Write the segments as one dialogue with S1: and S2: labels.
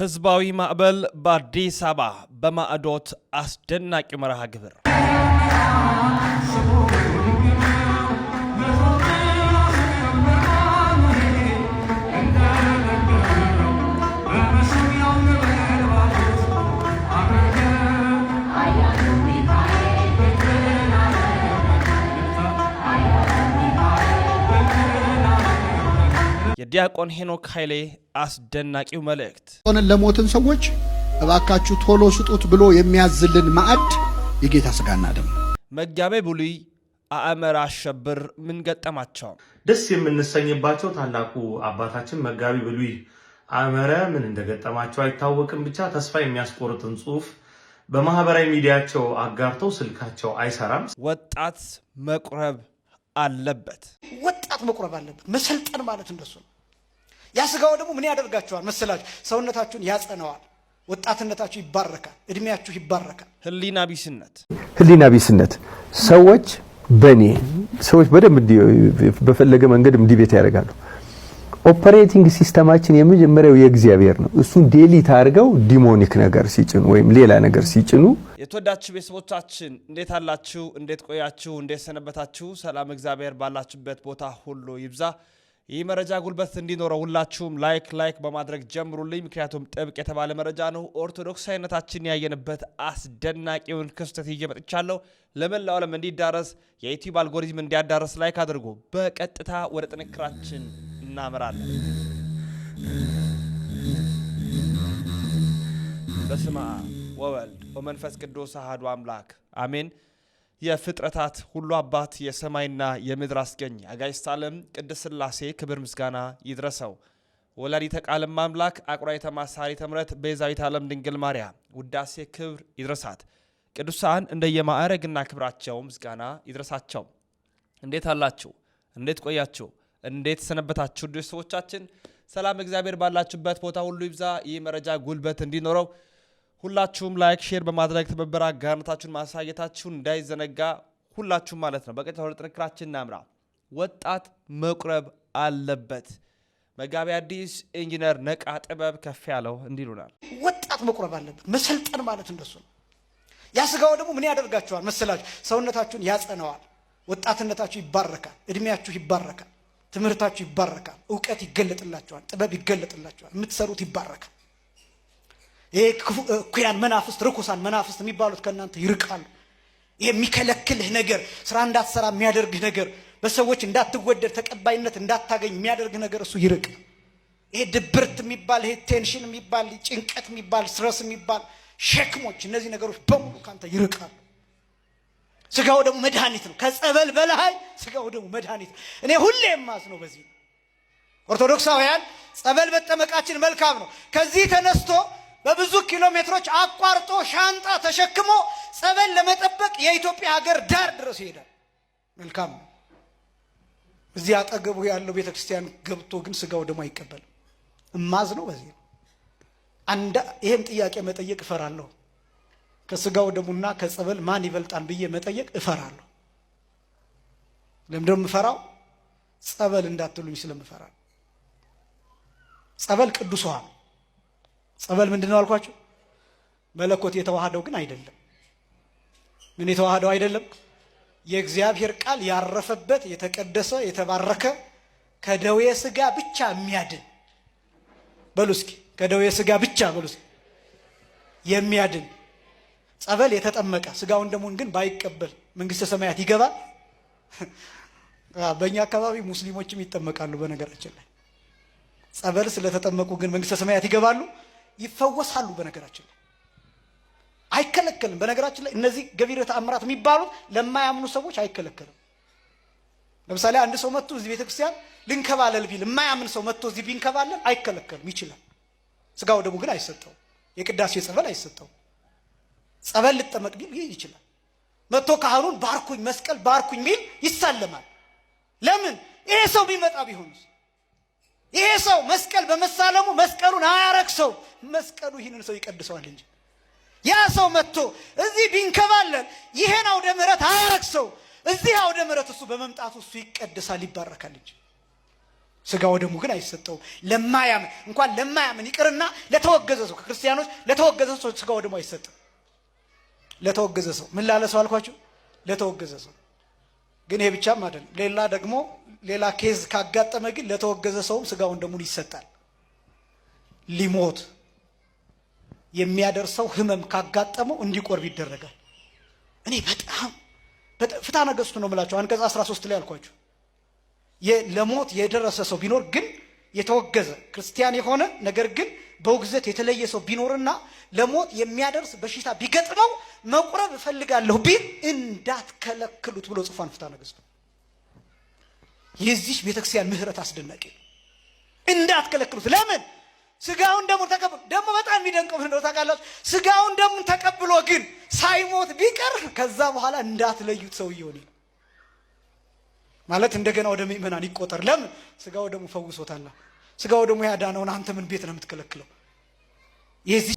S1: ህዝባዊ ማዕበል በአዲስ አበባ በማዕዶት አስደናቂ መርሃ ግብር የዲያቆን ሄኖክ ኃይሌ አስደናቂው መልእክት
S2: ሆነን ለሞትን ሰዎች እባካችሁ ቶሎ ስጡት ብሎ የሚያዝልን ማዕድ የጌታ ስጋና ደም።
S1: መጋቤ ብሉይ አእመረ አሸብር ምን ገጠማቸው?
S3: ደስ የምንሰኝባቸው ታላቁ አባታችን መጋቢ ብሉይ አእመረ ምን እንደገጠማቸው አይታወቅም። ብቻ ተስፋ የሚያስቆርጥን ጽሁፍ በማህበራዊ ሚዲያቸው አጋርተው ስልካቸው አይሰራም።
S1: ወጣት መቁረብ አለበት።
S4: ወጣት መቁረብ አለበት። መሰልጠን ማለት እንደሱ ነው። ያ ስጋው ደግሞ ምን ያደርጋችኋል መሰላችሁ? ሰውነታችሁን ያጸነዋል። ወጣትነታችሁ ይባረካል። እድሜያችሁ ይባረካል።
S1: ህሊና ቢስነት
S2: ህሊና ቢስነት ሰዎች በእኔ ሰዎች በደንብ በፈለገ መንገድ ቤት ያደርጋሉ። ኦፐሬቲንግ ሲስተማችን የመጀመሪያው የእግዚአብሔር ነው። እሱን ዴሊት አድርገው ዲሞኒክ ነገር ሲጭኑ ወይም ሌላ ነገር ሲጭኑ።
S1: የተወዳችሁ ቤተሰቦቻችን እንዴት አላችሁ? እንዴት ቆያችሁ? እንዴት ሰነበታችሁ? ሰላም እግዚአብሔር ባላችሁበት ቦታ ሁሉ ይብዛ። ይህ መረጃ ጉልበት እንዲኖረው ሁላችሁም ላይክ ላይክ በማድረግ ጀምሩልኝ። ምክንያቱም ጥብቅ የተባለ መረጃ ነው። ኦርቶዶክሳዊነታችን ያየንበት አስደናቂውን ክስተት ይዤ መጥቻለሁ። ለመላው ዓለም እንዲዳረስ የዩቲዩብ አልጎሪዝም እንዲያዳረስ ላይክ አድርጎ በቀጥታ ወደ ጥንክራችን እናመራለን። በስመ አብ ወወልድ ወመንፈስ ቅዱስ አሐዱ አምላክ አሜን። የፍጥረታት ሁሉ አባት የሰማይና የምድር አስገኝ አጋዕዝተ ዓለም ቅድስት ሥላሴ ክብር ምስጋና ይድረሰው። ወላዲተ ቃል አምላክ አቁራይተ ማሳሪተ ምሕረት ቤዛዊት ዓለም ድንግል ማርያም ውዳሴ ክብር ይድረሳት። ቅዱሳን እንደየማዕረግና ክብራቸው ምስጋና ይድረሳቸው። እንዴት አላችሁ? እንዴት ቆያችሁ? እንዴት ሰነበታችሁ? ሰዎቻችን ሰላም እግዚአብሔር ባላችሁበት ቦታ ሁሉ ይብዛ። ይህ መረጃ ጉልበት እንዲኖረው ሁላችሁም ላይክ፣ ሼር በማድረግ ትብብር አጋርነታችሁን ማሳየታችሁን እንዳይዘነጋ ሁላችሁም ማለት ነው። በቀጥታ ወደ ጥንክራችን እናምራ። ወጣት መቁረብ አለበት። መጋቢ አዲስ ኢንጂነር ነቃ ጥበብ ከፍ ያለው እንዲሉናል
S4: ይሉናል። ወጣት መቁረብ አለበት። መሰልጠን ማለት እንደሱ ነው። ያ ስጋው ደግሞ ምን ያደርጋችኋል መሰላችሁ? ሰውነታችሁን ያጸነዋል። ወጣትነታችሁ ይባረካል። እድሜያችሁ ይባረካል። ትምህርታችሁ ይባረካል። እውቀት ይገለጥላችኋል። ጥበብ ይገለጥላችኋል። የምትሰሩት ይባረካል። ይሄ እኩያን መናፍስት፣ ርኩሳን መናፍስት የሚባሉት ከእናንተ ይርቃሉ። የሚከለክልህ ነገር፣ ስራ እንዳትሰራ የሚያደርግህ ነገር፣ በሰዎች እንዳትወደድ ተቀባይነት እንዳታገኝ የሚያደርግህ ነገር እሱ ይርቅ። ይሄ ድብርት የሚባል ይሄ ቴንሽን የሚባል ጭንቀት የሚባል ስረስ የሚባል ሸክሞች፣ እነዚህ ነገሮች በሙሉ ካንተ ይርቃሉ። ስጋው ደግሞ መድኃኒት ነው። ከጸበል በላይ ስጋው ደግሞ መድኃኒት ነው። እኔ ሁሌ የማዝ ነው በዚህ ኦርቶዶክሳውያን ጸበል መጠመቃችን መልካም ነው። ከዚህ ተነስቶ በብዙ ኪሎ ሜትሮች አቋርጦ ሻንጣ ተሸክሞ ጸበል ለመጠበቅ የኢትዮጵያ ሀገር ዳር ድረስ ይሄዳል። መልካም ነው። እዚህ አጠገቡ ያለው ቤተ ክርስቲያን ገብቶ ግን ስጋው ደግሞ አይቀበልም። እማዝ ነው። በዚህ ነው አንዳ ይሄን ጥያቄ መጠየቅ እፈራለሁ። ከስጋው ደሙና ከጸበል ማን ይበልጣል ብዬ መጠየቅ እፈራለሁ። ለምንድነው የምፈራው? ጸበል እንዳትሉኝ ስለምፈራ። ጸበል ቅዱስ ውሃ ነው። ጸበል ምንድን ነው አልኳቸው? መለኮት የተዋህደው ግን አይደለም። ምን የተዋህደው አይደለም? የእግዚአብሔር ቃል ያረፈበት የተቀደሰ የተባረከ ከደዌ ስጋ ብቻ የሚያድን በሉ እስኪ ከደዌ ስጋ ብቻ በሉ እስኪ የሚያድን ጸበል የተጠመቀ ስጋውን ደሙን ግን ባይቀበል መንግስተ ሰማያት ይገባል። በእኛ አካባቢ ሙስሊሞችም ይጠመቃሉ። በነገራችን ላይ ጸበል ስለተጠመቁ ግን መንግስተ ሰማያት ይገባሉ። ይፈወሳሉ። በነገራችን ላይ አይከለከልም። በነገራችን ላይ እነዚህ ገቢረ ተአምራት የሚባሉት ለማያምኑ ሰዎች አይከለከልም። ለምሳሌ አንድ ሰው መጥቶ እዚህ ቤተክርስቲያን ልንከባለል ቢል የማያምን ሰው መጥቶ እዚህ ቢንከባለል አይከለከልም፣ ይችላል። ስጋው ደግሞ ግን አይሰጠው፣ የቅዳሴ ጸበል አይሰጠው ጸበል ልጠመቅ ቢል ይችላል። መጥቶ ካህኑን ባርኩኝ መስቀል ባርኩኝ ቢል ይሳለማል። ለምን ይሄ ሰው ቢመጣ ቢሆንስ ይሄ ሰው መስቀል በመሳለሙ መስቀሉን አያረክሰው፣ መስቀሉ ይህንን ሰው ይቀድሰዋል እንጂ ያ ሰው መጥቶ እዚህ ቢንከባለን ይሄን አውደ ምሕረት አያረክሰው፣ እዚህ አውደ ምሕረት እሱ በመምጣቱ እሱ ይቀድሳል፣ ይባረካል እንጂ ስጋ ወደሙ ግን አይሰጠውም። ለማያምን እንኳን ለማያምን ይቅርና ለተወገዘ ሰው ከክርስቲያኖች ለተወገዘ ሰው ስጋ ወደሙ አይሰጥም። ለተወገዘ ሰው ምን ላለ ሰው አልኳቸው? ለተወገዘ ሰው ግን ይሄ ብቻም አይደለም። ሌላ ደግሞ ሌላ ኬዝ ካጋጠመ ግን ለተወገዘ ሰውም ስጋውን ደሙን ይሰጣል። ሊሞት የሚያደርሰው ህመም ካጋጠመው እንዲቆርብ ይደረጋል። እኔ በጣም ፍትሐ ነገሥቱ ነው የምላቸው አንቀጽ 13 ላይ አልኳቸው። ለሞት የደረሰ ሰው ቢኖር ግን የተወገዘ ክርስቲያን የሆነ ነገር ግን በውግዘት የተለየ ሰው ቢኖርና ለሞት የሚያደርስ በሽታ ቢገጥመው መቁረብ እፈልጋለሁ ቢል እንዳትከለክሉት ብሎ ጽፏን ፍትሐ ነገሥቱ የዚህ ቤተክርስቲያን ምህረት አስደናቂ ነው። እንዳትከለክሉት። ለምን ስጋውን ደግሞ ተቀብሎ ደግሞ በጣም የሚደንቀው ምንድነው ታውቃላችሁ፣ ስጋውን ደግሞ ተቀብሎ ግን ሳይሞት ቢቀር ከዛ በኋላ እንዳትለዩት ሰውየውን ማለት እንደገና ወደ ምእመናን ይቆጠር። ለምን ስጋው ደግሞ ፈውሶታል። ስጋው ደግሞ ያዳነውን አንተ ምን ቤት ነው የምትከለክለው?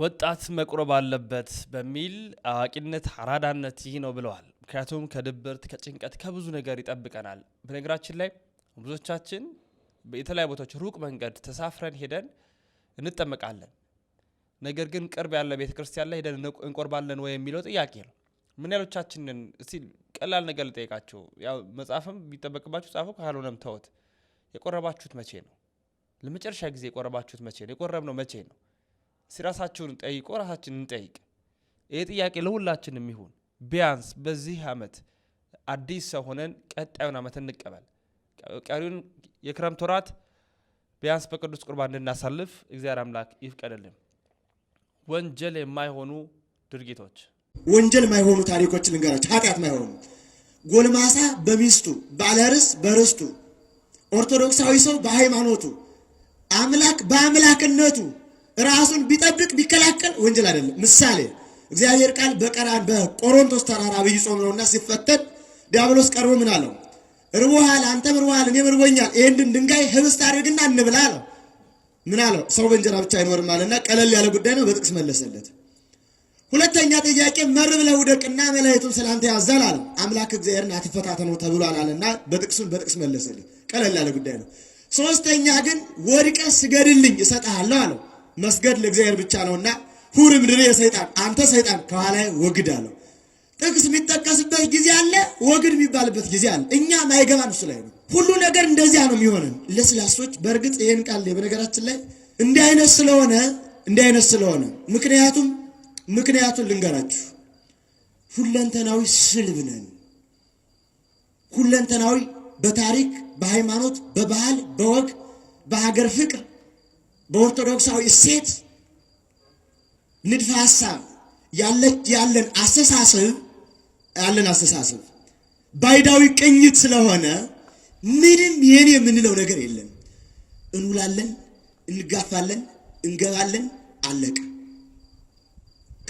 S1: ወጣት መቁረብ አለበት በሚል አዋቂነት አራዳነት ይህ ነው ብለዋል። ምክንያቱም ከድብርት ከጭንቀት፣ ከብዙ ነገር ይጠብቀናል። በነገራችን ላይ ብዙዎቻችን የተለያዩ ቦታዎች ሩቅ መንገድ ተሳፍረን ሄደን እንጠመቃለን። ነገር ግን ቅርብ ያለ ቤተ ክርስቲያን ላይ ሄደን እንቆርባለን ወይ የሚለው ጥያቄ ነው። ምን ያሎቻችንን እስቲ ቀላል ነገር ልጠይቃቸው። ያው መጽሐፍም ቢጠበቅባችሁ ጻፉ፣ ካልሆነም ተውት። የቆረባችሁት መቼ ነው? ለመጨረሻ ጊዜ የቆረባችሁት መቼ ነው? የቆረብነው መቼ ነው? እስቲ ራሳችሁን ጠይቆ ራሳችንን እንጠይቅ። ይህ ጥያቄ ለሁላችን የሚሆን ቢያንስ በዚህ ዓመት አዲስ ሰው ሆነን ቀጣዩን ዓመት እንቀበል። ቀሪውን የክረምት ወራት ቢያንስ በቅዱስ ቁርባን እንድናሳልፍ እግዚአብሔር አምላክ ይፍቀደልን። ወንጀል የማይሆኑ ድርጊቶች፣
S4: ወንጀል የማይሆኑ ታሪኮች ልንገራቸው። ኃጢአት ማይሆኑ ጎልማሳ በሚስቱ ባለርስ በርስቱ ኦርቶዶክሳዊ ሰው በሃይማኖቱ አምላክ በአምላክነቱ ራሱን ቢጠብቅ ቢከላከል ወንጀል አይደለም። ምሳሌ እግዚአብሔር ቃል በቀራን በቆሮንቶስ ተራራ አብይ ጾም ነውና ሲፈተን ዲያብሎስ ቀርቦ ምን አለው? እርቦሃል፣ አንተም እርቦሃል፣ እኔም እርቦኛል። ይህንን ድንጋይ ህብስት አድርግና እንብላ አለው። ምን አለው? ሰው በእንጀራ ብቻ አይኖርም አለና ቀለል ያለ ጉዳይ ነው፣ በጥቅስ መለሰለት። ሁለተኛ ጥያቄ መር ብለህ ውደቅና መላእክቱም ስላንተ ያዛል አለ። አምላክ እግዚአብሔርን አትፈታተነው ተብሏል አለና በጥቅሱን በጥቅስ መለሰለት። ቀለል ያለ ጉዳይ ነው። ሶስተኛ ግን ወድቀ ስገድልኝ እሰጥሃለሁ አለው። መስገድ ለእግዚአብሔር ብቻ ነውና ሁርም ድሬ ሰይጣን አንተ ሰይጣን ከኋላ ወግድ አለው። ጥቅስ የሚጠቀስበት ጊዜ አለ፣ ወግድ የሚባልበት ጊዜ አለ። እኛ ማይገባን እሱ ላይ ነው። ሁሉ ነገር እንደዚያ ነው የሚሆነን። ለስላሶች በእርግጥ ይህን ቃል በነገራችን ላይ እንዲህ አይነት ስለሆነ እንዲህ አይነት ስለሆነ ምክንያቱም ምክንያቱን ልንገራችሁ ሁለንተናዊ ስልብ ነን። ሁለንተናዊ በታሪክ በሃይማኖት፣ በባህል፣ በወግ፣ በሀገር ፍቅር፣ በኦርቶዶክሳዊ እሴት ንድፈ ሀሳብ ያለን አስተሳሰብ ያለን አስተሳሰብ ባይዳዊ ቅኝት ስለሆነ ምንም የኔ የምንለው ነገር የለም። እንውላለን፣ እንጋፋለን፣ እንገባለን፣ አለቀ።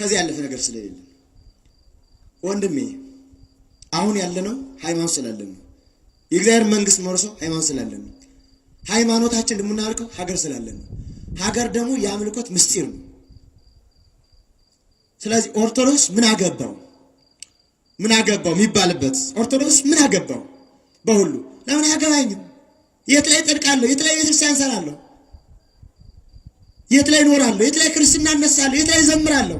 S4: ከዚህ ያለፈ ነገር ስለሌለ ወንድሜ አሁን ያለነው ሃይማኖት ስላለን ነው። የእግዚአብሔር መንግስት መርሶ ሃይማኖት ስላለን ነው። ሃይማኖታችን የምናልቀው ሀገር ስላለን ነው። ሀገር ደግሞ የአምልኮት ምስጢር ነው። ስለዚህ ኦርቶዶክስ ምን አገባው? ምን አገባው የሚባልበት ኦርቶዶክስ ምን አገባው በሁሉ ለምን አያገባኝም? የት ላይ ጠድቃለሁ? የት ላይ ቤተክርስቲያን ሰራለሁ? የት ላይ እኖራለሁ? የት ላይ ክርስትና እነሳለሁ? የት ላይ ዘምራለሁ?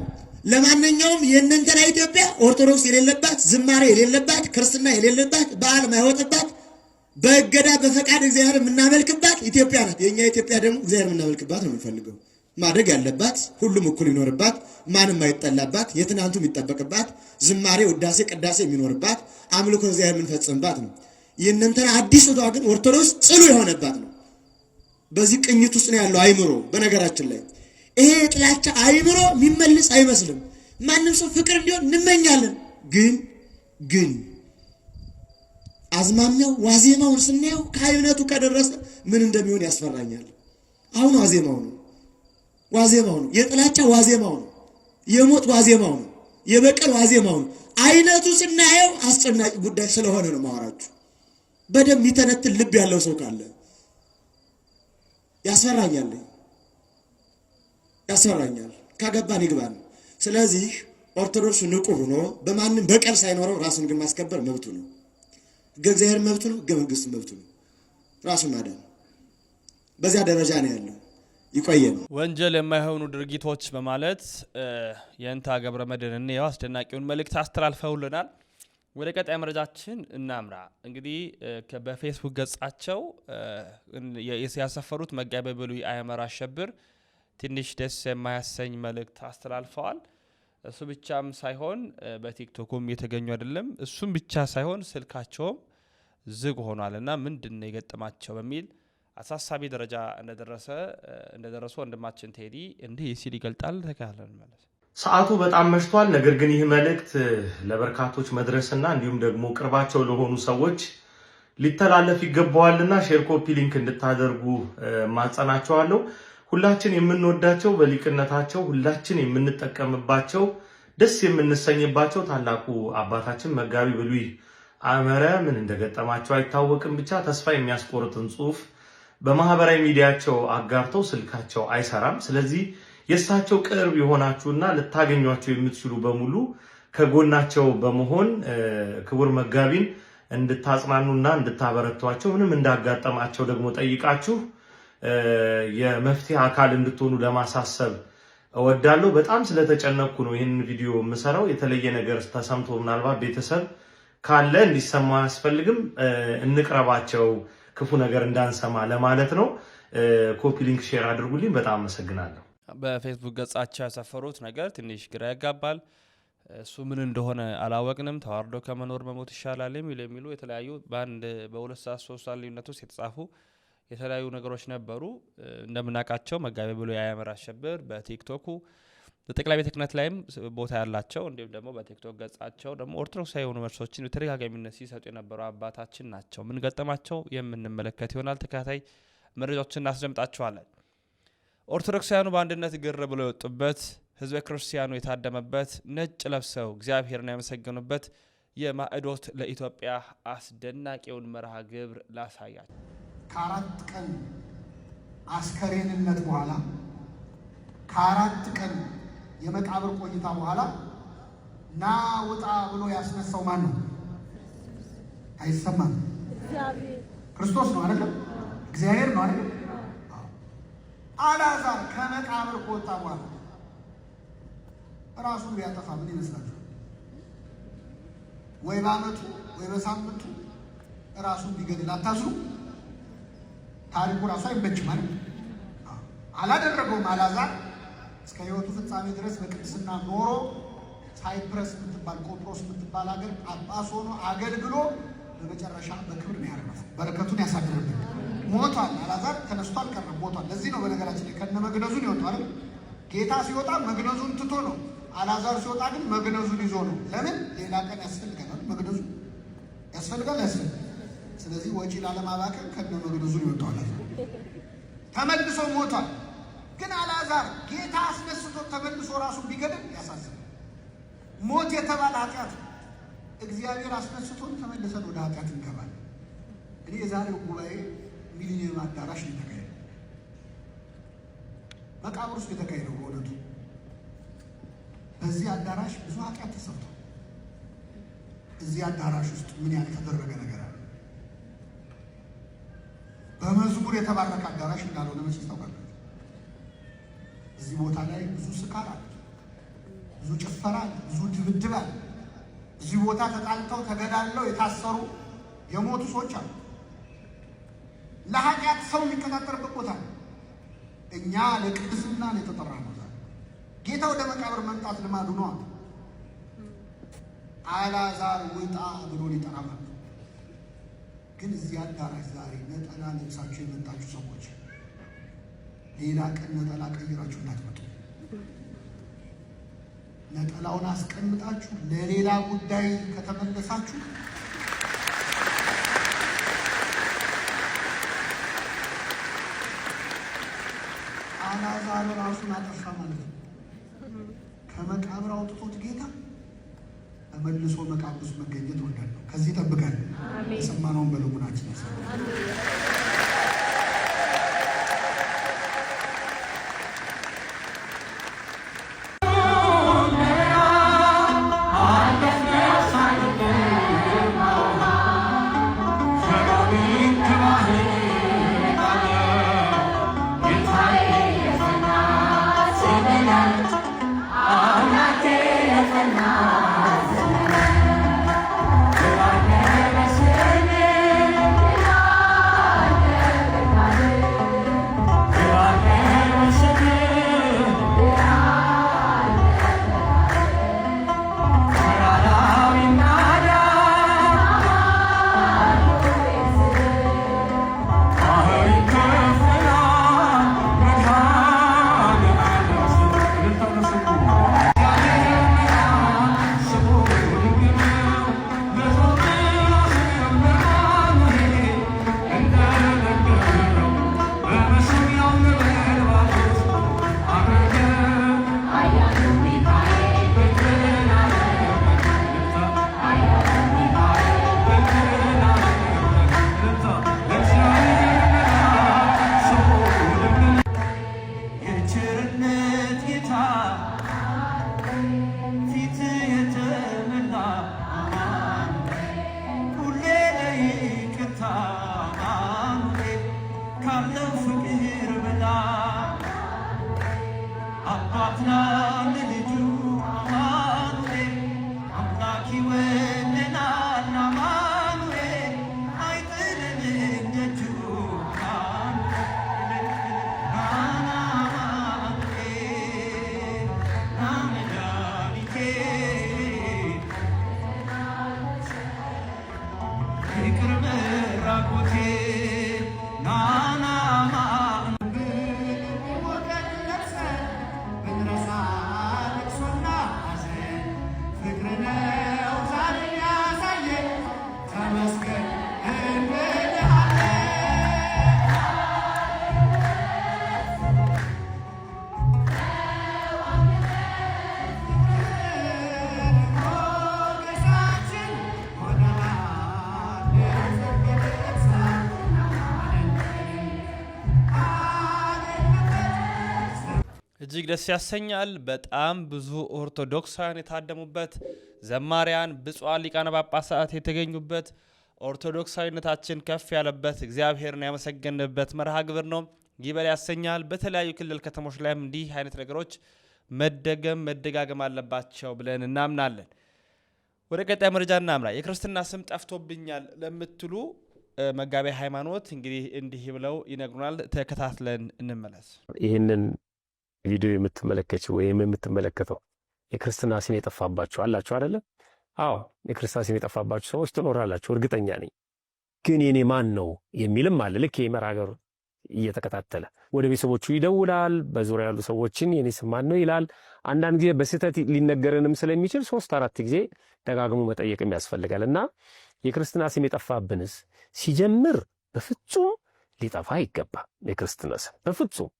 S4: ለማንኛውም የእነንተና ኢትዮጵያ ኦርቶዶክስ የሌለባት ዝማሬ የሌለባት ክርስትና የሌለባት በዓል ማይወጥባት በእገዳ በፈቃድ እግዚአብሔር የምናመልክባት ኢትዮጵያ ናት። የእኛ ኢትዮጵያ ደግሞ እግዚአብሔር የምናመልክባት ነው የምንፈልገው። ማደግ ያለባት ሁሉም እኩል ይኖርባት፣ ማንም አይጠላባት፣ የትናንቱ የሚጠበቅባት ዝማሬ፣ ውዳሴ፣ ቅዳሴ የሚኖርባት አምልኮ እግዚአብሔር የምንፈጽምባት ነው። የእናንተን አዲስ ግን ኦርቶዶክስ ጽኑ የሆነባት ነው። በዚህ ቅኝት ውስጥ ነው ያለው አይምሮ። በነገራችን ላይ ይሄ የጥላቻ አይምሮ የሚመልስ አይመስልም። ማንም ሰው ፍቅር እንዲሆን እንመኛለን። ግን ግን አዝማሚያው ዋዜማውን ስናየው ከአይነቱ ከደረሰ ምን እንደሚሆን ያስፈራኛል። አሁን ዋዜማው ነው ዋዜማው ነው። የጥላቻ ዋዜማው ነው። የሞት ዋዜማው ነው። የበቀል ዋዜማው ነው። አይነቱ ስናየው አስጨናቂ ጉዳይ ስለሆነ ነው ማወራችሁ። በደንብ የሚተነትን ልብ ያለው ሰው ካለ ያሰራኛል ያሰራኛል ካገባን ይግባን። ስለዚህ ኦርቶዶክስ ንቁ ሆኖ በማንም በቀል ሳይኖረው ራሱን ግን ማስከበር መብቱ ነው። ሕገ እግዚአብሔር መብቱ ነው። ሕገ መብቱ ነው። ራሱን ማዳን በዚያ ደረጃ ነው ያለው። ይቆየን።
S1: ወንጀል የማይሆኑ ድርጊቶች በማለት የእንታ መድን እንየው አስደናቂውን መልእክት አስተላልፈውልናል። ወደ ቀጣይ መረጃችን እናምራ። እንግዲህ በፌስቡክ ገጻቸው ያሰፈሩት መጋቤ ብሉይ አያመር አሸብር ትንሽ ደስ የማያሰኝ መልእክት አስተላልፈዋል። እሱ ብቻም ሳይሆን በቲክቶኩም የተገኙ አይደለም። እሱም ብቻ ሳይሆን ስልካቸውም ዝግ ሆኗል እና ምንድን ነው የገጠማቸው በሚል አሳሳቢ ደረጃ እንደደረሰ እንደደረሱ ወንድማችን ቴዲ እንዲህ ሲል ይገልጣል። ተካለን መለስ
S3: ሰዓቱ በጣም መሽቷል። ነገር ግን ይህ መልእክት ለበርካቶች መድረስና እንዲሁም ደግሞ ቅርባቸው ለሆኑ ሰዎች ሊተላለፍ ይገባዋልና ሼር፣ ኮፒ ሊንክ እንድታደርጉ ማጸናቸዋለሁ። ሁላችን የምንወዳቸው በሊቅነታቸው ሁላችን የምንጠቀምባቸው ደስ የምንሰኝባቸው ታላቁ አባታችን መጋቢ ብሉይ አመረ ምን እንደገጠማቸው አይታወቅም። ብቻ ተስፋ የሚያስቆርጥን ጽሁፍ በማህበራዊ ሚዲያቸው አጋርተው ስልካቸው አይሰራም። ስለዚህ የእሳቸው ቅርብ የሆናችሁና ልታገኟቸው የምትችሉ በሙሉ ከጎናቸው በመሆን ክቡር መጋቢን እንድታጽናኑና እንድታበረቷቸው ምንም እንዳጋጠማቸው ደግሞ ጠይቃችሁ የመፍትሄ አካል እንድትሆኑ ለማሳሰብ እወዳለሁ። በጣም ስለተጨነኩ ነው ይህን ቪዲዮ የምሰራው። የተለየ ነገር ተሰምቶ ምናልባት ቤተሰብ ካለ እንዲሰማ አያስፈልግም። እንቅረባቸው ክፉ ነገር እንዳንሰማ ለማለት ነው። ኮፒ ሊንክ ሼር አድርጉልኝ። በጣም አመሰግናለሁ።
S1: በፌስቡክ ገጻቸው ያሰፈሩት ነገር ትንሽ ግራ ያጋባል። እሱ ምን እንደሆነ አላወቅንም። ተዋርዶ ከመኖር መሞት ይሻላል የሚሉ የሚሉ የተለያዩ በአንድ በሁለት ሰዓት ሶስት ሰዓት ልዩነት ውስጥ የተጻፉ የተለያዩ ነገሮች ነበሩ። እንደምናውቃቸው መጋቢ ብሎ የአያመር አሸብር በቲክቶኩ በጠቅላይ ቤተ ክህነት ላይም ቦታ ያላቸው እንዲሁም ደግሞ በቲክቶክ ገጻቸው ደግሞ ኦርቶዶክሳዊ የሆኑ መልሶችን በተደጋጋሚነት ሲሰጡ የነበሩ አባታችን ናቸው። ምን ገጠማቸው የምንመለከት ይሆናል። ተከታታይ መረጃዎችን እናስደምጣችኋለን። ኦርቶዶክሳውያኑ በአንድነት ግር ብሎ የወጡበት ህዝበ ክርስቲያኑ የታደመበት ነጭ ለብሰው እግዚአብሔርን ያመሰገኑበት የማዕዶት ለኢትዮጵያ አስደናቂውን መርሃ ግብር ላሳያቸው።
S4: ከአራት ቀን አስከሬንነት በኋላ ከአራት ቀን የመቃብር ቆይታ በኋላ ና ውጣ ብሎ ያስነሳው ማን ነው? አይሰማም። ክርስቶስ ነው አይደለም? እግዚአብሔር ነው አይደለም? አላዛር ከመቃብር ከወጣ በኋላ ራሱን ቢያጠፋ ምን ይመስላችኋል? ወይ በአመቱ ወይ በሳምንቱ ራሱን ቢገድል አታዙ? ታሪኩ ራሱ አይመችም ማለት አላደረገውም አላዛር እስከ ህይወቱ ፍጻሜ ድረስ በቅድስና ኖሮ ሳይፕረስ የምትባል ቆጵሮስ የምትባል ሀገር ጳጳስ ሆኖ አገልግሎ በመጨረሻ በክብር ነው ያረፈ። በረከቱን ያሳድርብን። ሞቷል፣ አላዛር ተነስቶ አልቀረም፣ ሞቷል። ለዚህ ነው በነገራችን ላይ ከነ መግነዙን ይወጣል። ጌታ ሲወጣ መግነዙን ትቶ ነው። አላዛር ሲወጣ ግን መግነዙን ይዞ ነው። ለምን ሌላ ቀን ያስፈልገናል፣ መግነዙ ያስፈልጋል፣ ያስፈልጋል። ስለዚህ ወጪ ላለማባከን ከነ መግነዙን ይወጣዋል። ተመልሶ ሞቷል። ግን አልዓዛር ጌታ አስነስቶ ተመልሶ ራሱን ቢገድል ያሳዝናል። ሞት የተባለ ኃጢአት እግዚአብሔር አስነስቶን ተመልሰን ወደ ኃጢአት እንገባል። እኔ የዛሬው ጉባኤ ሚሊኒየም አዳራሽ ነው መቃብር ውስጥ የተካሄደው። በእውነቱ በዚህ አዳራሽ ብዙ ኃጢአት ተሰርቷል። እዚህ አዳራሽ ውስጥ ምን ያህል የተደረገ ነገር አለ? በመዝሙር የተባረከ አዳራሽ እንዳልሆነ መቼ ታውቃለህ? እዚህ ቦታ ላይ ብዙ ስካር አለ፣ ብዙ ጭፈራ አለ፣ ብዙ ድብድብ አለ። እዚህ ቦታ ተጣልተው ተገዳለው የታሰሩ የሞቱ ሰዎች አሉ። ለኃጢአት ሰው የሚከታተልበት ቦታ ነው። እኛ ለቅድስና ነው የተጠራነው። ዛሬ ጌታ ወደ መቃብር መምጣት ልማዱ ነው። አላዛር ውጣ ብሎ ሊጠራ ግን እዚህ አዳራሽ ዛሬ ነጠላ ለብሳችሁ የመጣችሁ ሰዎች ሌላ ቀን ነጠላ ቀይራችሁ እንዳትመጡ። ነጠላውን አስቀምጣችሁ ለሌላ ጉዳይ ከተመለሳችሁ አልዓዛር ራሱን አጠፋ ማለት ነው። ከመቃብር አውጥቶት ጌታ ተመልሶ መቃብር ውስጥ መገኘት ወዳለሁ። ከዚህ ጠብቀን የሰማነውን በልቡናችን ያሳ
S1: እጅግ ደስ ያሰኛል። በጣም ብዙ ኦርቶዶክሳውያን የታደሙበት ዘማሪያን፣ ብፁዓን ሊቃነ ጳጳሳት የተገኙበት ኦርቶዶክሳዊነታችን ከፍ ያለበት እግዚአብሔርን ያመሰገንበት መርሃ ግብር ነው። ይበል ያሰኛል። በተለያዩ ክልል ከተሞች ላይም እንዲህ አይነት ነገሮች መደገም መደጋገም አለባቸው ብለን እናምናለን። ወደ ቀጣይ መረጃ እናምራ። የክርስትና ስም ጠፍቶብኛል ለምትሉ መጋቢያ ሃይማኖት እንግዲህ እንዲህ ብለው ይነግሩናል። ተከታትለን እንመለስ።
S5: ይህንን ቪዲዮ የምትመለከችው ወይም የምትመለከተው የክርስትና ሲን የጠፋባችሁ አላችሁ አይደለ? አዎ የክርስትና ሲን የጠፋባችሁ ሰዎች ትኖራላችሁ፣ እርግጠኛ ነኝ። ግን የኔ ማን ነው የሚልም አለ። ልክ የመርሃ እየተከታተለ ወደ ቤተሰቦቹ ይደውላል። በዙሪያ ያሉ ሰዎችን የኔ ስም ማን ነው ይላል። አንዳንድ ጊዜ በስህተት ሊነገርንም ስለሚችል ሶስት አራት ጊዜ ደጋግሞ መጠየቅም ያስፈልጋል እና የክርስትና ስም የጠፋብንስ ሲጀምር በፍጹም ሊጠፋ አይገባ። የክርስትና ስም በፍጹም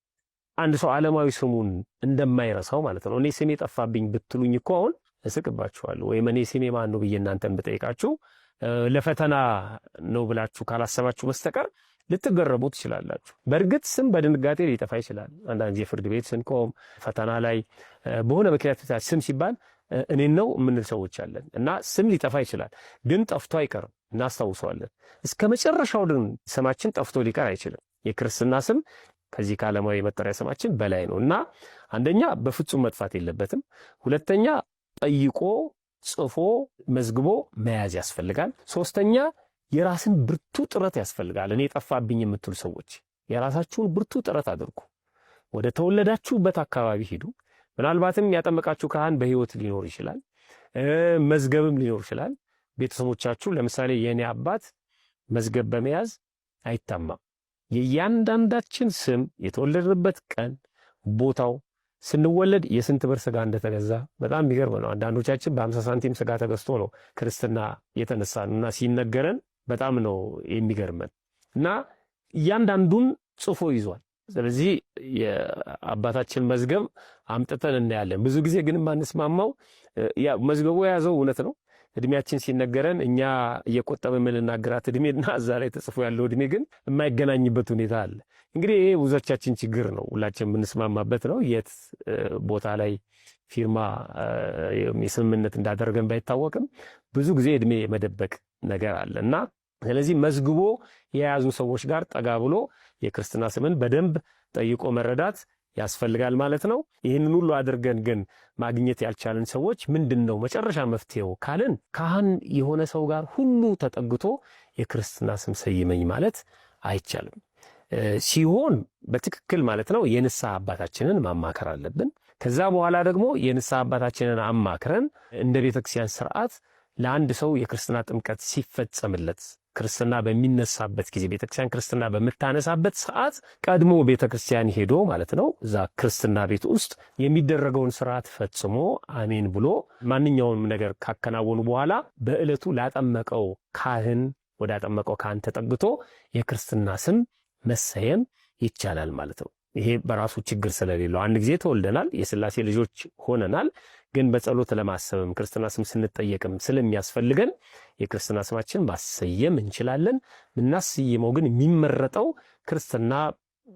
S5: አንድ ሰው ዓለማዊ ስሙን እንደማይረሳው ማለት ነው። እኔ ስሜ ጠፋብኝ ብትሉኝ እኮ አሁን እስቅባችኋለሁ። ወይም እኔ ስሜ ማን ነው ብዬ እናንተን ብጠይቃችሁ ለፈተና ነው ብላችሁ ካላሰባችሁ በስተቀር ልትገረቡ ትችላላችሁ። በእርግጥ ስም በድንጋጤ ሊጠፋ ይችላል። አንዳንድ ጊዜ ፍርድ ቤት ስንቆም፣ ፈተና ላይ በሆነ ምክንያት ስም ሲባል እኔን ነው የምንል ሰዎች አለን እና ስም ሊጠፋ ይችላል። ግን ጠፍቶ አይቀርም፣ እናስታውሰዋለን። እስከ መጨረሻው ግን ስማችን ጠፍቶ ሊቀር አይችልም። የክርስትና ስም ከዚህ ከዓለማዊ መጠሪያ ስማችን በላይ ነው እና አንደኛ በፍጹም መጥፋት የለበትም። ሁለተኛ ጠይቆ ጽፎ መዝግቦ መያዝ ያስፈልጋል። ሶስተኛ የራስን ብርቱ ጥረት ያስፈልጋል። እኔ ጠፋብኝ የምትሉ ሰዎች የራሳችሁን ብርቱ ጥረት አድርጉ። ወደ ተወለዳችሁበት አካባቢ ሂዱ። ምናልባትም ያጠመቃችሁ ካህን በሕይወት ሊኖር ይችላል፣ መዝገብም ሊኖር ይችላል። ቤተሰቦቻችሁ ለምሳሌ የእኔ አባት መዝገብ በመያዝ አይታማም። የእያንዳንዳችን ስም፣ የተወለድንበት ቀን፣ ቦታው፣ ስንወለድ የስንት ብር ስጋ እንደተገዛ በጣም የሚገርም ነው። አንዳንዶቻችን በአምሳ ሳንቲም ስጋ ተገዝቶ ነው ክርስትና የተነሳን እና ሲነገረን በጣም ነው የሚገርመን እና እያንዳንዱን ጽፎ ይዟል። ስለዚህ የአባታችን መዝገብ አምጥተን እናያለን። ብዙ ጊዜ ግን ማንስማማው መዝገቡ የያዘው እውነት ነው እድሜያችን ሲነገረን እኛ እየቆጠበ የምንናገራት እድሜና እዛ ላይ ተጽፎ ያለው እድሜ ግን የማይገናኝበት ሁኔታ አለ። እንግዲህ ይሄ ብዙዎቻችን ችግር ነው፣ ሁላችን የምንስማማበት ነው። የት ቦታ ላይ ፊርማ የስምምነት እንዳደረገን ባይታወቅም ብዙ ጊዜ እድሜ የመደበቅ ነገር አለ እና ስለዚህ መዝግቦ የያዙ ሰዎች ጋር ጠጋ ብሎ የክርስትና ስምን በደንብ ጠይቆ መረዳት ያስፈልጋል ማለት ነው። ይህንን ሁሉ አድርገን ግን ማግኘት ያልቻለን ሰዎች ምንድን ነው መጨረሻ መፍትሄው ካልን ካህን የሆነ ሰው ጋር ሁሉ ተጠግቶ የክርስትና ስም ሰይመኝ ማለት አይቻልም። ሲሆን በትክክል ማለት ነው የንስሐ አባታችንን ማማከር አለብን። ከዛ በኋላ ደግሞ የንስሐ አባታችንን አማክረን እንደ ቤተክርስቲያን ስርዓት ለአንድ ሰው የክርስትና ጥምቀት ሲፈጸምለት ክርስትና በሚነሳበት ጊዜ ቤተክርስቲያን ክርስትና በምታነሳበት ሰዓት ቀድሞ ቤተክርስቲያን ሄዶ ማለት ነው እዛ ክርስትና ቤት ውስጥ የሚደረገውን ስርዓት ፈጽሞ አሜን ብሎ ማንኛውንም ነገር ካከናወኑ በኋላ በዕለቱ ላጠመቀው ካህን ወዳጠመቀው ካህን ተጠግቶ የክርስትና ስም መሰየም ይቻላል ማለት ነው። ይሄ በራሱ ችግር ስለሌለው አንድ ጊዜ ተወልደናል፣ የስላሴ ልጆች ሆነናል። ግን በጸሎት ለማሰብም ክርስትና ስም ስንጠየቅም ስለሚያስፈልገን የክርስትና ስማችን ማሰየም እንችላለን። ምናስይመው ግን የሚመረጠው ክርስትና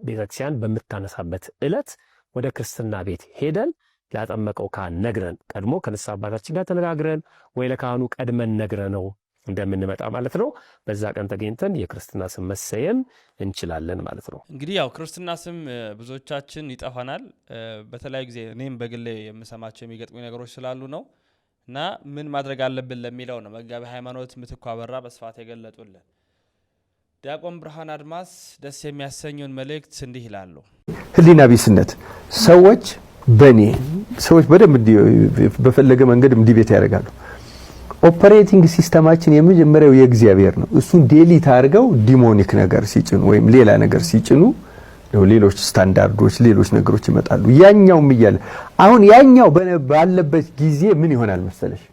S5: ቤተክርስቲያን በምታነሳበት ዕለት ወደ ክርስትና ቤት ሄደን ላጠመቀው ካህን ነግረን ቀድሞ ከንስሐ አባታችን ጋር ተነጋግረን ወይ ለካህኑ ቀድመን ነግረ ነው እንደምንመጣ ማለት ነው። በዛ ቀን ተገኝተን የክርስትና ስም መሰየም እንችላለን ማለት ነው።
S1: እንግዲህ ያው ክርስትና ስም ብዙዎቻችን ይጠፋናል። በተለያዩ ጊዜ እኔም በግሌ የምሰማቸው የሚገጥሙ ነገሮች ስላሉ ነው እና ምን ማድረግ አለብን ለሚለው ነው መጋቢ ሃይማኖት ምትኩ አበራ በስፋት የገለጡልን። ዲያቆን ብርሃን አድማስ ደስ የሚያሰኘውን መልእክት እንዲህ ይላሉ።
S2: ህሊና ቢስነት ሰዎች በእኔ ሰዎች በደንብ በፈለገ መንገድ እንዲህ ቤት ያደርጋሉ ኦፐሬቲንግ ሲስተማችን የመጀመሪያው የእግዚአብሔር ነው። እሱን ዴሊት አድርገው ዲሞኒክ ነገር ሲጭኑ ወይም ሌላ ነገር ሲጭኑ ሌሎች ስታንዳርዶች፣ ሌሎች ነገሮች ይመጣሉ። ያኛውም እያለ አሁን ያኛው ባለበት ጊዜ ምን ይሆናል መሰለሽ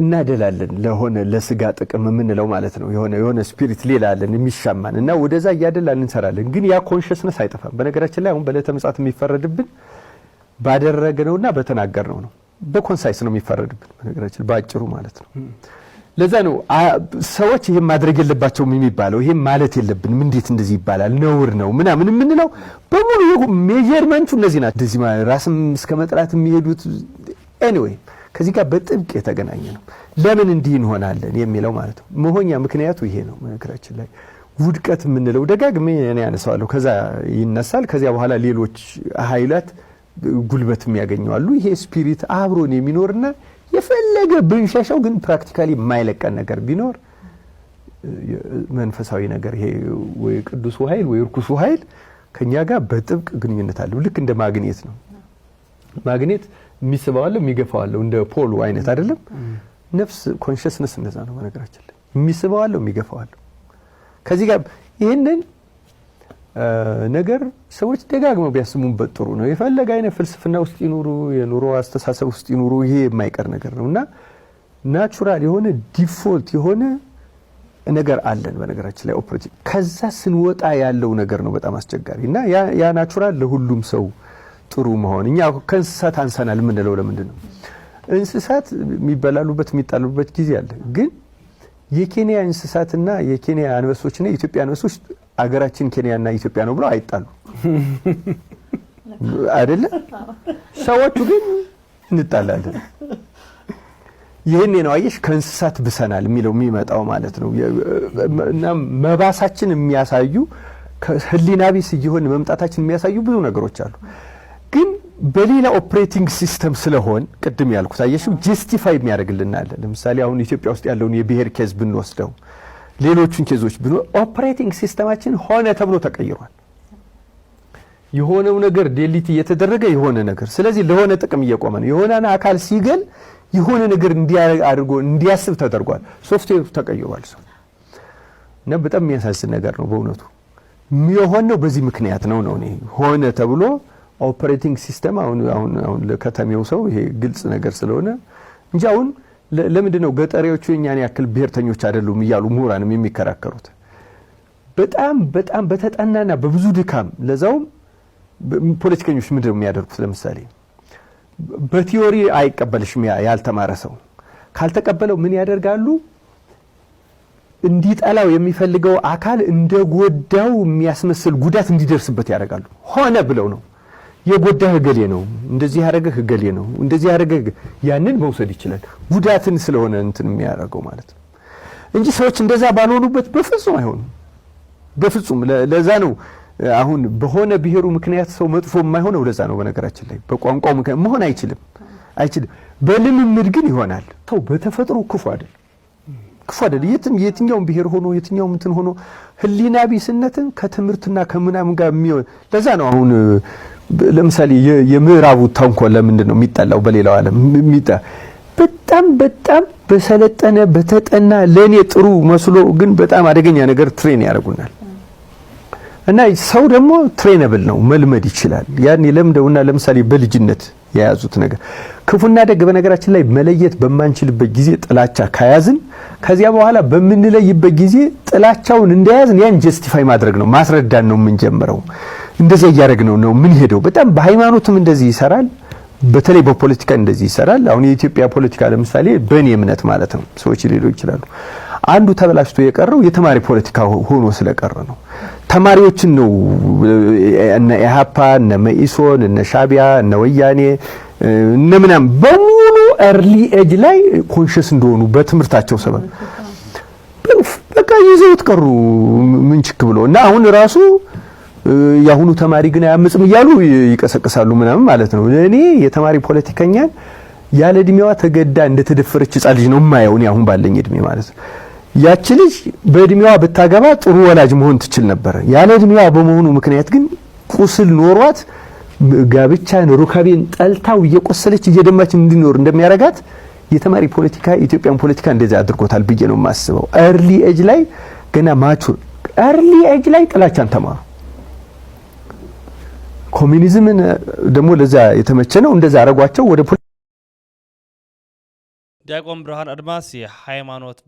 S2: እናደላለን ለሆነ ለስጋ ጥቅም የምንለው ማለት ነው። የሆነ የሆነ ስፒሪት ሌላ አለን የሚሻማን እና ወደዛ እያደላን እንሰራለን። ግን ያ ኮንሽስነስ አይጠፋም። በነገራችን ላይ አሁን በዕለተ ምጽአት የሚፈረድብን ባደረግነውና በተናገርነው ነው። በኮንሳይስ ነው የሚፈረድብን በነገራችን በአጭሩ ማለት ነው። ለዛ ነው ሰዎች ይህም ማድረግ የለባቸውም የሚባለው። ይህም ማለት የለብንም እንዴት እንደዚህ ይባላል ነውር ነው ምናምን የምንለው በሙሉ ይሁ ሜጀርመንቱ እነዚህ ናት እንደዚህ ራስም እስከ መጥራት የሚሄዱት ኤኒዌይ ከዚህ ጋር በጥብቅ የተገናኘ ነው። ለምን እንዲህ እንሆናለን የሚለው ማለት ነው። መሆኛ ምክንያቱ ይሄ ነው። በነገራችን ላይ ውድቀት የምንለው ደጋግሜ እኔ ያነሳዋለሁ፣ ከዛ ይነሳል። ከዚያ በኋላ ሌሎች ሀይላት ጉልበትም ያገኘዋሉ። ይሄ ስፒሪት አብሮን የሚኖርና የፈለገ ብንሻሻው ግን ፕራክቲካሊ የማይለቀን ነገር ቢኖር መንፈሳዊ ነገር ይሄ ወይ ቅዱሱ ኃይል ወይ እርኩሱ ኃይል ከኛ ጋር በጥብቅ ግንኙነት አለው። ልክ እንደ ማግኔት ነው። ማግኔት የሚስበዋለሁ የሚገፋዋለሁ፣ እንደ ፖሉ አይነት አይደለም። ነፍስ ኮንሽስነስ እንደዛ ነው። በነገራችን ላይ የሚስበዋለሁ የሚገፋዋለሁ ከዚህ ጋር ይህንን ነገር ሰዎች ደጋግመው ቢያስሙበት ጥሩ ነው። የፈለገ አይነት ፍልስፍና ውስጥ ይኑሩ፣ የኑሮ አስተሳሰብ ውስጥ ይኑሩ፣ ይሄ የማይቀር ነገር ነው እና ናቹራል የሆነ ዲፎልት የሆነ ነገር አለን። በነገራችን ላይ ኦፕሬቲቭ ከዛ ስንወጣ ያለው ነገር ነው በጣም አስቸጋሪ እና ያ ናቹራል ለሁሉም ሰው ጥሩ መሆን እኛ ከእንስሳት አንሰናል የምንለው ለምንድን ነው? እንስሳት የሚበላሉበት የሚጣሉበት ጊዜ አለ። ግን የኬንያ እንስሳትና የኬንያ አንበሶችና የኢትዮጵያ አንበሶች አገራችን ኬንያና ኢትዮጵያ ነው ብለው አይጣሉ አይደለ? ሰዎቹ ግን እንጣላለን። ይህኔ ነው አየሽ፣ ከእንስሳት ብሰናል የሚለው የሚመጣው ማለት ነው። እና መባሳችን የሚያሳዩ ህሊና ቢስ እየሆን መምጣታችን የሚያሳዩ ብዙ ነገሮች አሉ። ግን በሌላ ኦፕሬቲንግ ሲስተም ስለሆን ቅድም ያልኩት አየሽው፣ ጀስቲፋይ የሚያደርግልናለ ለምሳሌ አሁን ኢትዮጵያ ውስጥ ያለውን የብሄር ኬዝ ብንወስደው ሌሎቹን ኬዞች ብኖ ኦፕሬቲንግ ሲስተማችን ሆነ ተብሎ ተቀይሯል። የሆነው ነገር ዴሊት እየተደረገ የሆነ ነገር ስለዚህ ለሆነ ጥቅም እየቆመ ነው። የሆነ አካል ሲገል የሆነ ነገር አድርጎ እንዲያስብ ተደርጓል። ሶፍትዌሩ ተቀይሯል። ሰው እና በጣም የሚያሳዝን ነገር ነው በእውነቱ የሚሆን ነው። በዚህ ምክንያት ነው ነው ሆነ ተብሎ ኦፕሬቲንግ ሲስተም አሁን አሁን ለከተሜው ሰው ይሄ ግልጽ ነገር ስለሆነ እንጂ አሁን ለምንድን ነው ገጠሬዎቹ የኛን ያክል ብሔርተኞች አይደሉም እያሉ ምሁራንም የሚከራከሩት? በጣም በጣም በተጠናና በብዙ ድካም ለዛውም ፖለቲከኞች ምንድን ነው የሚያደርጉት? ለምሳሌ በቲዮሪ አይቀበልሽም ያልተማረ ሰው ካልተቀበለው ምን ያደርጋሉ? እንዲጠላው የሚፈልገው አካል እንደጎዳው የሚያስመስል ጉዳት እንዲደርስበት ያደርጋሉ። ሆነ ብለው ነው የጎዳህ እገሌ ነው፣ እንደዚህ ያደረገህ እገሌ ነው፣ እንደዚህ ያደረገህ ያንን መውሰድ ይችላል። ጉዳትን ስለሆነ እንትን የሚያደርገው ማለት ነው እንጂ ሰዎች እንደዛ ባልሆኑበት በፍጹም አይሆኑም። በፍጹም ለዛ ነው አሁን በሆነ ብሔሩ ምክንያት ሰው መጥፎ የማይሆነው ለዛ ነው። በነገራችን ላይ በቋንቋው ምክንያት መሆን አይችልም አይችልም። በልምምድ ግን ይሆናል። ሰው በተፈጥሮ ክፉ አይደል ክፉ አይደል። የትም የትኛውም ብሔር ሆኖ የትኛውም እንትን ሆኖ ህሊና ቢስነትን ከትምህርትና ከምናምን ጋር የሚሆን ለዛ ነው አሁን ለምሳሌ የምዕራቡ ተንኮል ለምንድን ነው የሚጠላው? በሌላው ዓለም በጣም በጣም በሰለጠነ በተጠና ለእኔ ጥሩ መስሎ ግን በጣም አደገኛ ነገር ትሬን ያደርጉናል። እና ሰው ደግሞ ትሬነብል ነው፣ መልመድ ይችላል። ያን ለምደውና ለምሳሌ በልጅነት የያዙት ነገር ክፉና ደግ በነገራችን ላይ መለየት በማንችልበት ጊዜ ጥላቻ ከያዝን ከዚያ በኋላ በምንለይበት ጊዜ ጥላቻውን እንደያዝን ያን ጀስቲፋይ ማድረግ ነው ማስረዳን ነው የምንጀምረው። እንደዚያ እያደረግ ነው ምን ሄደው በጣም በሃይማኖትም እንደዚህ ይሰራል። በተለይ በፖለቲካ እንደዚህ ይሰራል። አሁን የኢትዮጵያ ፖለቲካ ለምሳሌ በእኔ እምነት ማለት ነው፣ ሰዎች ሊሉ ይችላሉ። አንዱ ተበላሽቶ የቀረው የተማሪ ፖለቲካ ሆኖ ስለቀረ ነው። ተማሪዎችን ነው እነ ኢህአፓ እነ መኢሶን እነ ሻቢያ እነ ወያኔ እነ ምናም በሙሉ ኤርሊ ኤጅ ላይ ኮንሽስ እንደሆኑ በትምህርታቸው ሰበብ በቃ ይዘውት ቀሩ ምንችክ ብሎ እና አሁን ራሱ የአሁኑ ተማሪ ግን አያምጽም እያሉ ይቀሰቅሳሉ ምናምን ማለት ነው። እኔ የተማሪ ፖለቲከኛን ያለ እድሜዋ ተገዳ እንደተደፈረች ህጻን ልጅ ነው የማየው እኔ አሁን ባለኝ እድሜ ማለት ነው። ያቺ ልጅ በእድሜዋ ብታገባ ጥሩ ወላጅ መሆን ትችል ነበረ። ያለ እድሜዋ በመሆኑ ምክንያት ግን ቁስል ኖሯት ጋብቻን ሩካቤን ጠልታው እየቆሰለች እየደማች እንዲኖር እንደሚያረጋት የተማሪ ፖለቲካ ኢትዮጵያን ፖለቲካ እንደዚህ አድርጎታል ብዬ ነው የማስበው። ኤርሊ ኤጅ ላይ ገና ማቹር ኤርሊ ኤጅ ላይ ጥላቻን ተማሩ። ኮሚኒዝምን ደግሞ ለዛ የተመቸ ነው። እንደዛ አረጓቸው ወደ
S1: ዲያቆን ብርሃን አድማስ የሃይማኖት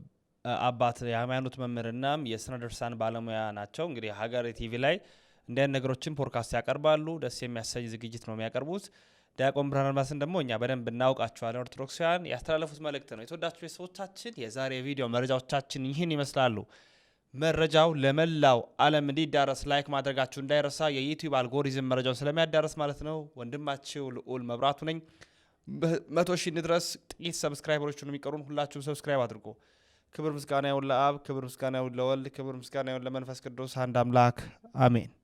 S1: አባት የሃይማኖት መምህርና የስነ ድርሳን ባለሙያ ናቸው። እንግዲህ ሀገሬ ቲቪ ላይ እንዲያን ነገሮችን ፖድካስት ያቀርባሉ። ደስ የሚያሰኝ ዝግጅት ነው የሚያቀርቡት። ዲያቆን ብርሃን አድማስን ደግሞ እኛ በደንብ እናውቃቸዋለን። ኦርቶዶክሳውያን ያስተላለፉት መልእክት ነው። የተወዳችሁ ቤተሰቦቻችን የዛሬ ቪዲዮ መረጃዎቻችን ይህን ይመስላሉ። መረጃው ለመላው ዓለም እንዲዳረስ ላይክ ማድረጋችሁ እንዳይረሳ። የዩቲዩብ አልጎሪዝም መረጃውን ስለሚያዳረስ ማለት ነው። ወንድማችሁ ልዑል መብራቱ ነኝ። መቶ ሺህ እንድረስ ጥቂት ሰብስክራይበሮች የሚቀሩን ሁላችሁም ሰብስክራይብ አድርጎ። ክብር ምስጋና ይሁን ለአብ፣ ክብር ምስጋና ይሁን ለወልድ፣ ክብር ምስጋና ይሁን ለመንፈስ ቅዱስ አንድ አምላክ አሜን።